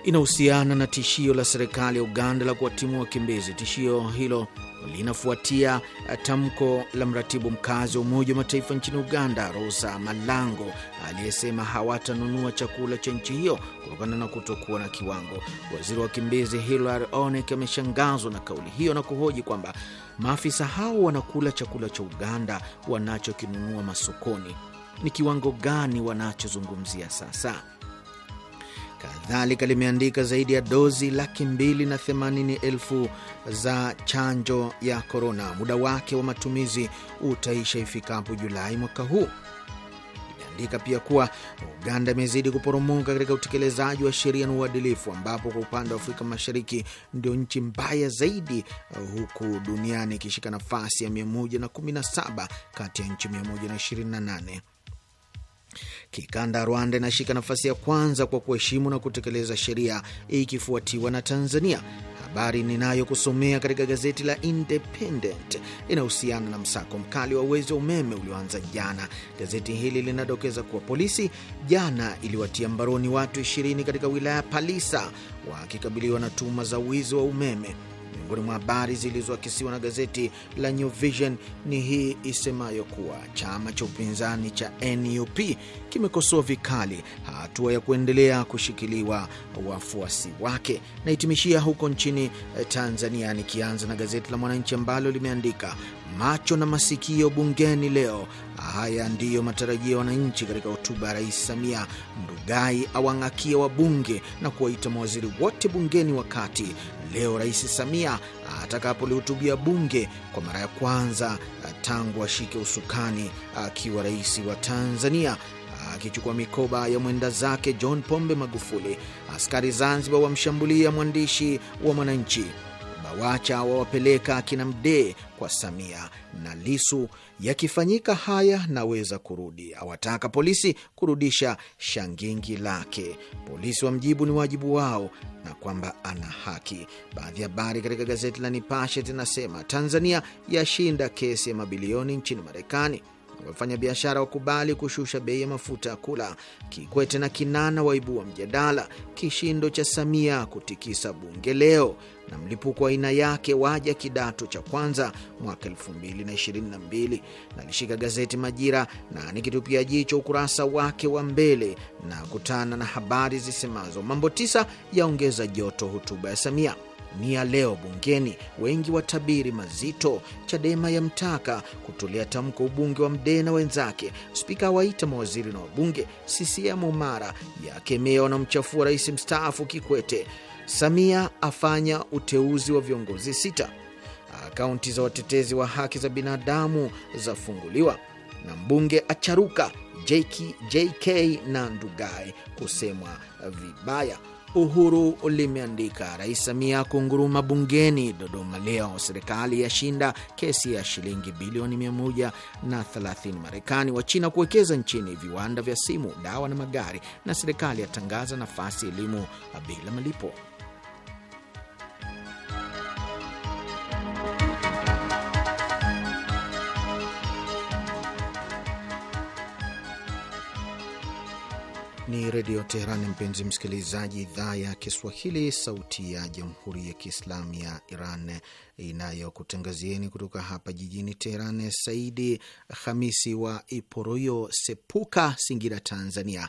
inahusiana na tishio la serikali ya Uganda la kuwatimua wakimbizi. Tishio hilo linafuatia eh, tamko la mratibu mkazi wa Umoja wa Mataifa nchini Uganda, Rosa Malango, aliyesema hawatanunua chakula cha nchi hiyo kutokana na kutokuwa na kiwango. Waziri wa wakimbizi Hilary Onek ameshangazwa na kauli hiyo na kuhoji kwamba maafisa hao wanakula chakula cha Uganda wanachokinunua masokoni. Ni kiwango gani wanachozungumzia sasa? kadhalika limeandika zaidi ya dozi laki mbili na themanini elfu za chanjo ya korona. Muda wake wa matumizi utaisha ifikapo Julai mwaka huu. Limeandika pia kuwa Uganda imezidi kuporomoka katika utekelezaji wa sheria na uadilifu, ambapo kwa upande wa Afrika Mashariki ndio nchi mbaya zaidi, huku duniani ikishika nafasi ya 117 kati ya nchi 128. Kikanda, Rwanda inashika nafasi ya kwanza kwa kuheshimu na kutekeleza sheria ikifuatiwa na Tanzania. Habari ninayokusomea katika gazeti la Independent inahusiana na msako mkali wa Wezi wa umeme ulioanza jana. Gazeti hili linadokeza kuwa polisi jana iliwatia mbaroni watu 20 katika wilaya Palisa wakikabiliwa na tuhuma za wizi wa umeme. Miongoni mwa habari zilizoakisiwa na gazeti la New Vision ni hii isemayo kuwa chama cha upinzani cha NUP kimekosoa vikali hatua ya kuendelea kushikiliwa wafuasi wake. Nahitimishia huko nchini eh, Tanzania, nikianza na gazeti la Mwananchi ambalo limeandika macho na masikio bungeni leo. Haya ndiyo matarajio ya wananchi katika hotuba ya Rais Samia. Ndugai awang'akia wabunge na kuwaita mawaziri wote bungeni wakati leo Rais Samia atakapolihutubia bunge kwa mara ya kwanza eh, tangu ashike usukani eh, akiwa rais wa Tanzania akichukua mikoba ya mwenda zake John Pombe Magufuli. Askari Zanzibar wamshambulia mwandishi wa Mwananchi. Bawacha wawapeleka akina Mdee kwa Samia na Lisu. Yakifanyika haya naweza kurudi, awataka polisi kurudisha shangingi lake. Polisi wamjibu ni wajibu wao na kwamba ana haki. Baadhi ya habari katika gazeti la Nipashe zinasema Tanzania yashinda kesi ya mabilioni nchini Marekani wafanyabiashara wakubali kushusha bei ya mafuta ya kula. Kikwete na Kinana waibua mjadala. Kishindo cha Samia kutikisa bunge leo, na mlipuko wa aina yake waja kidato cha kwanza mwaka 2022. Nalishika gazeti Majira na nikitupia jicho ukurasa wake wa mbele na kutana na habari zisemazo mambo tisa yaongeza joto hotuba ya Samia ni ya leo bungeni, wengi watabiri mazito. Chadema yamtaka kutolea tamko ubunge wa Mdee na wenzake. Spika awaita mawaziri na wabunge. CCM mara yakemea wanamchafua rais mstaafu Kikwete. Samia afanya uteuzi wa viongozi sita. Akaunti za watetezi wa haki za binadamu zafunguliwa, na mbunge acharuka JK, JK na Ndugai kusemwa vibaya. Uhuru limeandika Rais Samia kunguruma bungeni Dodoma leo. Serikali yashinda kesi ya shilingi bilioni 130 Marekani. Wa China kuwekeza nchini viwanda vya simu, dawa na magari. Na serikali yatangaza nafasi elimu bila malipo. Ni Redio Teherani, mpenzi msikilizaji, idhaa ya Kiswahili, sauti ya Jamhuri ya Kiislamu ya Iran inayokutangazieni kutoka hapa jijini Teheran. Saidi Hamisi wa Iporoyo Sepuka, Singira, Tanzania,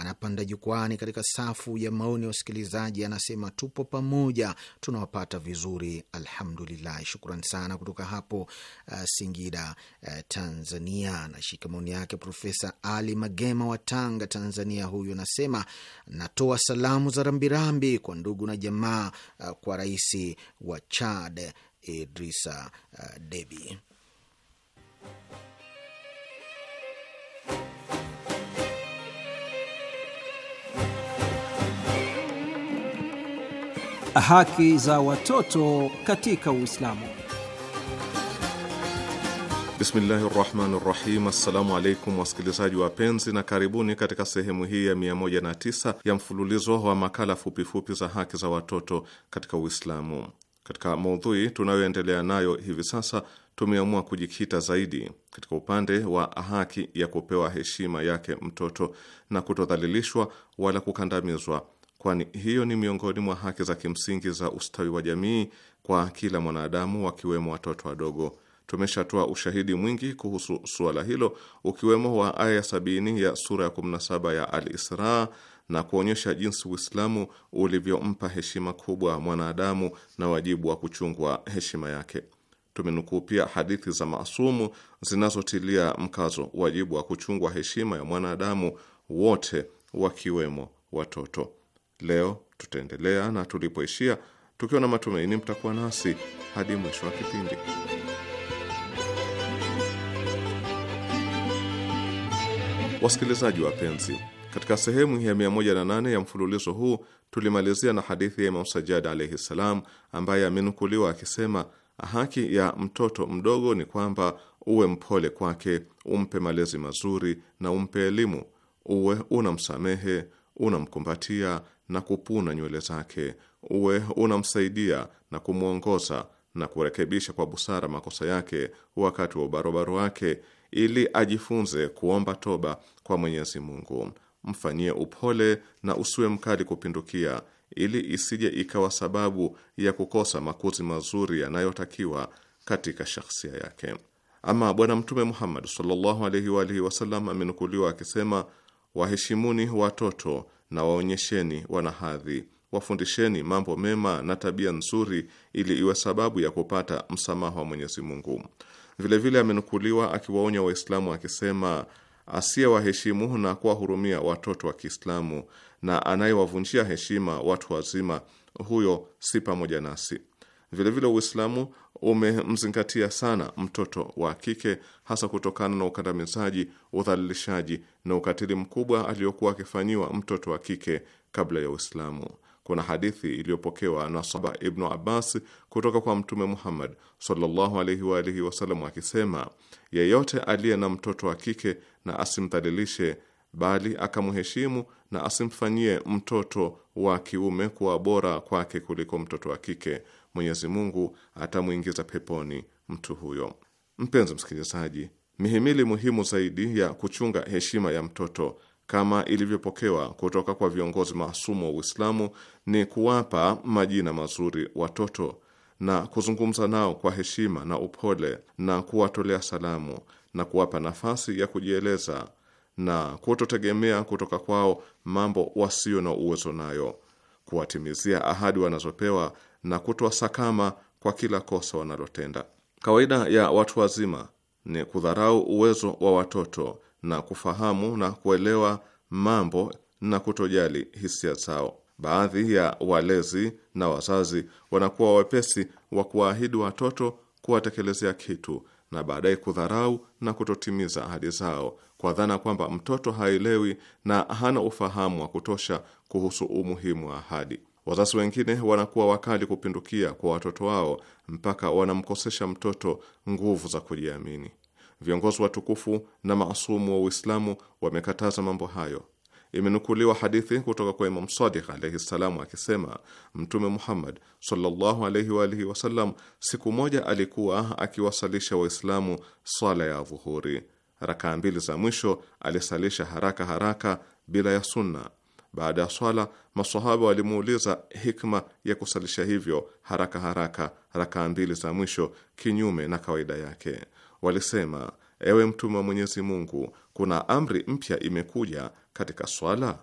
anapanda jukwani katika safu ya maoni ya wasikilizaji. Anasema tupo pamoja, tunawapata vizuri, alhamdulillah. Shukran sana kutoka hapo uh, Singida uh, Tanzania. Nashika maoni yake Profesa Ali Magema wa Tanga, Tanzania. Huyu anasema natoa salamu za rambirambi kwa ndugu na jamaa uh, kwa rais wa Chad Idrisa uh, Debi. Haki za watoto katika Uislamu. Bismillahi rahmani rahim. Assalamu alaikum wasikilizaji wapenzi, na karibuni katika sehemu hii ya 109 ya mfululizo wa makala fupifupi fupi za haki za watoto katika Uislamu. Katika maudhui tunayoendelea nayo hivi sasa, tumeamua kujikita zaidi katika upande wa haki ya kupewa heshima yake mtoto na kutodhalilishwa wala kukandamizwa, kwani hiyo ni miongoni mwa haki za kimsingi za ustawi wa jamii kwa kila mwanadamu, wakiwemo watoto wadogo. Tumeshatoa ushahidi mwingi kuhusu suala hilo, ukiwemo wa aya sabini ya sura ya 17 ya Al-Isra na kuonyesha jinsi Uislamu ulivyompa heshima kubwa mwanadamu na wajibu wa kuchungwa heshima yake. Tumenukuu pia hadithi za masumu zinazotilia mkazo wajibu wa kuchungwa heshima ya mwanadamu wote, wakiwemo watoto. Leo tutaendelea na tulipoishia, tukiwa na matumaini mtakuwa nasi hadi mwisho wa kipindi. Wasikilizaji wapenzi katika sehemu ya 108 ya mfululizo huu tulimalizia na hadithi ya Imam Sajjad alaihi ssalam, ambaye amenukuliwa akisema haki ya mtoto mdogo ni kwamba uwe mpole kwake, umpe malezi mazuri na umpe elimu, uwe unamsamehe, unamkumbatia na kupuna nywele zake, uwe unamsaidia na kumwongoza na kurekebisha kwa busara makosa yake wakati wa ubarobaro wake, ili ajifunze kuomba toba kwa Mwenyezi Mungu mfanyie upole na usiwe mkali kupindukia, ili isije ikawa sababu ya kukosa makuzi mazuri yanayotakiwa katika shakhsia yake. Ama Bwana Mtume Muhammad sallallahu alaihi wa alihi wasallam amenukuliwa akisema, waheshimuni watoto na waonyesheni wanahadhi, wafundisheni mambo mema na tabia nzuri, ili iwe sababu ya kupata msamaha wa Mwenyezi Mungu. Vilevile amenukuliwa akiwaonya Waislamu akisema asiyewaheshimu na kuwahurumia watoto wa Kiislamu na anayewavunjia heshima watu wazima, huyo si pamoja nasi. Vilevile Uislamu umemzingatia sana mtoto wa kike, hasa kutokana na ukandamizaji, udhalilishaji na ukatili mkubwa aliyokuwa akifanyiwa mtoto wa kike kabla ya Uislamu. Kuna hadithi iliyopokewa na Saba Ibnu Abbas kutoka kwa Mtume Muhammad sallallahu alaihi wa alihi wasallam akisema yeyote aliye na mtoto wa kike na asimdhalilishe, bali akamheshimu na asimfanyie mtoto wa kiume kuwa bora kwake kuliko mtoto wa kike, Mwenyezi Mungu atamwingiza peponi mtu huyo. Mpenzi msikilizaji, mihimili muhimu zaidi ya kuchunga heshima ya mtoto kama ilivyopokewa kutoka kwa viongozi maasumu wa Uislamu ni kuwapa majina mazuri watoto na kuzungumza nao kwa heshima na upole na kuwatolea salamu na kuwapa nafasi ya kujieleza na kutotegemea kutoka kwao mambo wasio na uwezo nayo, kuwatimizia ahadi wanazopewa na kutoa sakama kwa kila kosa wanalotenda. Kawaida ya watu wazima ni kudharau uwezo wa watoto na kufahamu na kuelewa mambo na kutojali hisia zao. Baadhi ya walezi na wazazi wanakuwa wepesi wa kuwaahidi watoto kuwatekelezea kitu na baadaye kudharau na kutotimiza ahadi zao kwa dhana kwamba mtoto haelewi na hana ufahamu wa kutosha kuhusu umuhimu wa ahadi. Wazazi wengine wanakuwa wakali kupindukia kwa watoto wao mpaka wanamkosesha mtoto nguvu za kujiamini. Viongozi watukufu na maasumu wa Uislamu wamekataza mambo hayo imenukuliwa hadithi kutoka kwa Imam Sadiq alaihi ssalam akisema, Mtume Muhammad sallallahu alaihi wa alihi wasallam siku moja alikuwa akiwasalisha Waislamu swala ya dhuhuri. Rakaa mbili za mwisho alisalisha haraka haraka bila ya sunna. Baada ya swala, masahaba walimuuliza hikma ya kusalisha hivyo haraka haraka rakaa mbili za mwisho kinyume na kawaida yake. Walisema Ewe Mtume wa Mwenyezi Mungu, kuna amri mpya imekuja katika swala?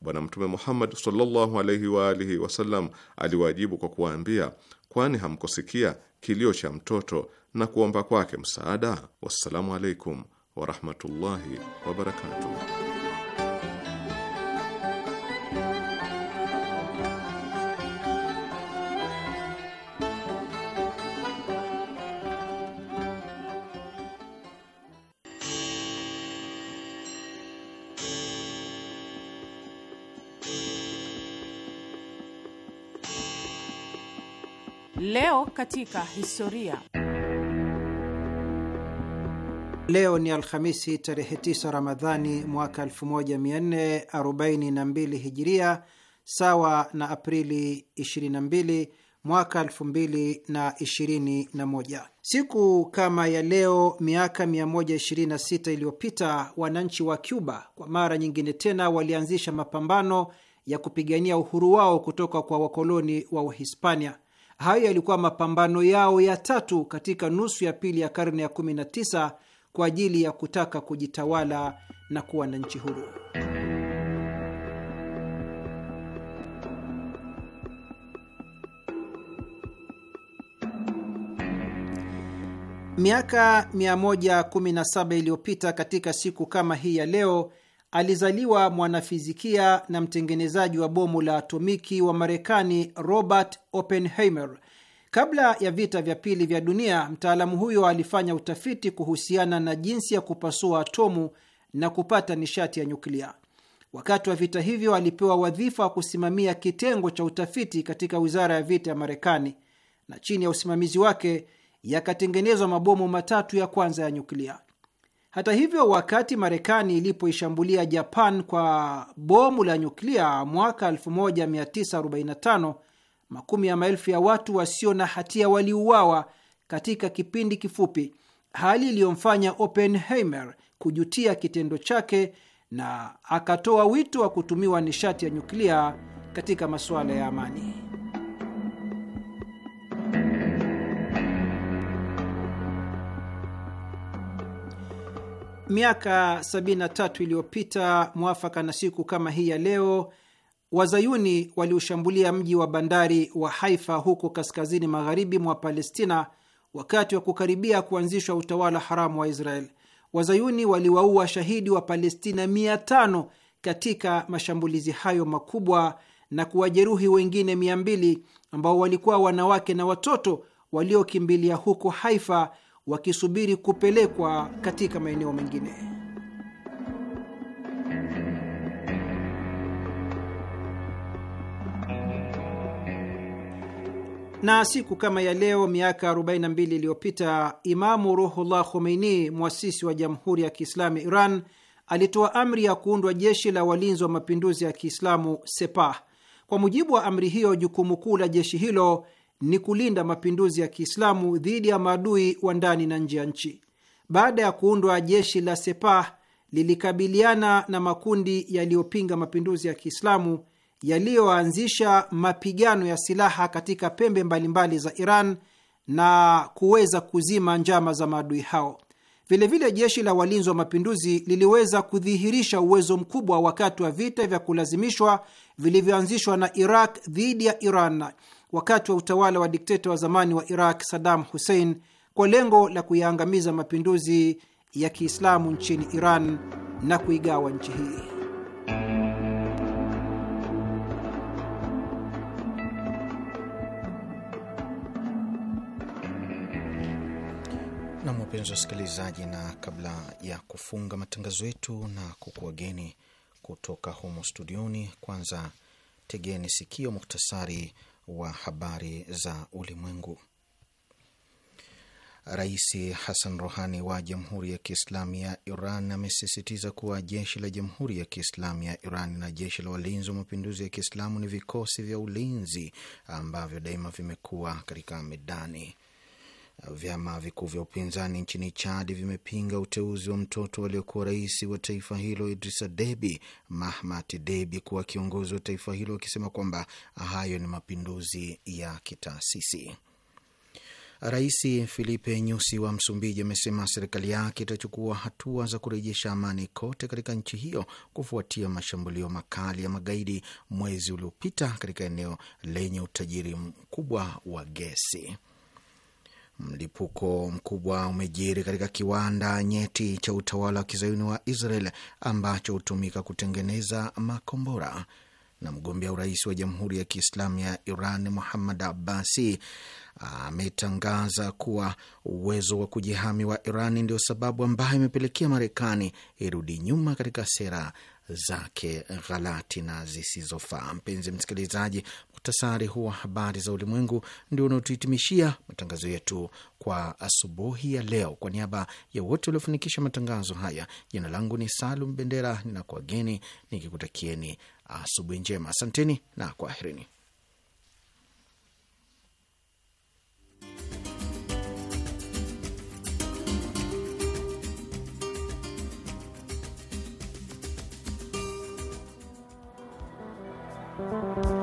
Bwana Mtume Muhammad sallallahu alaihi wa alihi wasallam aliwajibu kwa kuwaambia, kwani hamkosikia kilio cha mtoto na kuomba kwake msaada? Wassalamu alaikum warahmatullahi wabarakatuh. Leo katika historia. Leo ni Alhamisi tarehe 9 Ramadhani mwaka 1442 Hijiria, sawa na Aprili 22 mwaka 2021. Siku kama ya leo miaka 126 iliyopita wananchi wa Cuba kwa mara nyingine tena walianzisha mapambano ya kupigania uhuru wao kutoka kwa wakoloni wa Uhispania. Hayo yalikuwa mapambano yao ya tatu katika nusu ya pili ya karne ya 19 kwa ajili ya kutaka kujitawala na kuwa na nchi huru. Miaka 117 iliyopita katika siku kama hii ya leo alizaliwa mwanafizikia na mtengenezaji wa bomu la atomiki wa Marekani Robert Oppenheimer. Kabla ya vita vya pili vya dunia, mtaalamu huyo alifanya utafiti kuhusiana na jinsi ya kupasua atomu na kupata nishati ya nyuklia. Wakati wa vita hivyo, alipewa wadhifa wa kusimamia kitengo cha utafiti katika wizara ya vita ya Marekani, na chini ya usimamizi wake yakatengenezwa mabomu matatu ya kwanza ya nyuklia. Hata hivyo, wakati Marekani ilipoishambulia Japan kwa bomu la nyuklia mwaka 1945 makumi ya maelfu ya watu wasio na hatia waliuawa katika kipindi kifupi, hali iliyomfanya Oppenheimer kujutia kitendo chake na akatoa wito wa kutumiwa nishati ya nyuklia katika masuala ya amani. Miaka 73 iliyopita mwafaka na siku kama hii ya leo, wazayuni waliushambulia mji wa bandari wa Haifa huko kaskazini magharibi mwa Palestina wakati wa kukaribia kuanzishwa utawala haramu wa Israel. Wazayuni waliwaua shahidi wa Palestina 500 katika mashambulizi hayo makubwa na kuwajeruhi wengine 200 ambao walikuwa wanawake na watoto waliokimbilia huko Haifa wakisubiri kupelekwa katika maeneo mengine. Na siku kama ya leo miaka 42 iliyopita Imamu Ruhullah Khomeini, mwasisi wa Jamhuri ya Kiislamu Iran, alitoa amri ya kuundwa jeshi la walinzi wa mapinduzi ya Kiislamu Sepah. Kwa mujibu wa amri hiyo, jukumu kuu la jeshi hilo ni kulinda mapinduzi ya Kiislamu dhidi ya maadui wa ndani na nje ya nchi. Baada ya kuundwa jeshi la Sepah lilikabiliana na makundi yaliyopinga mapinduzi ya Kiislamu yaliyoanzisha mapigano ya silaha katika pembe mbalimbali za Iran na kuweza kuzima njama za maadui hao. Vilevile vile jeshi la walinzi wa mapinduzi liliweza kudhihirisha uwezo mkubwa wakati wa vita vya kulazimishwa vilivyoanzishwa na Iraq dhidi ya Iran wakati wa utawala wa dikteta wa zamani wa Iraq Saddam Hussein kwa lengo la kuyaangamiza mapinduzi ya Kiislamu nchini Iran na kuigawa nchi hii. Nam, wapenzi wasikilizaji, na kabla ya kufunga matangazo yetu na kukuwageni kutoka humo studioni, kwanza tegeni sikio muktasari wa habari za ulimwengu. Rais Hassan Rohani wa Jamhuri ya Kiislamu ya Iran amesisitiza kuwa jeshi la Jamhuri ya Kiislamu ya Iran na jeshi la walinzi wa mapinduzi ya Kiislamu ni vikosi vya ulinzi ambavyo daima vimekuwa katika medani Vyama vikuu vya upinzani nchini Chad vimepinga uteuzi wa mtoto aliyekuwa rais wa taifa hilo Idrisa Debi, Mahmat Debi, kuwa kiongozi wa taifa hilo, akisema kwamba hayo ni mapinduzi ya kitaasisi. Rais Filipe Nyusi wa Msumbiji amesema serikali yake itachukua hatua za kurejesha amani kote katika nchi hiyo kufuatia mashambulio makali ya magaidi mwezi uliopita katika eneo lenye utajiri mkubwa wa gesi. Mlipuko mkubwa umejiri katika kiwanda nyeti cha utawala wa kizayuni wa Israel ambacho hutumika kutengeneza makombora. Na mgombea urais wa Jamhuri ya Kiislamu ya Iran Muhammad Abbasi ametangaza kuwa uwezo wa kujihami wa Iran ndio sababu ambayo imepelekea Marekani irudi nyuma katika sera zake ghalati na zisizofaa. Mpenzi msikilizaji, muhtasari huu wa habari za ulimwengu ndio unaotuhitimishia matangazo yetu kwa asubuhi ya leo. Kwa niaba ya wote waliofanikisha matangazo haya, jina langu ni Salum Bendera, ninakuageni nikikutakieni asubuhi njema. Asanteni na kwaherini. Thank you.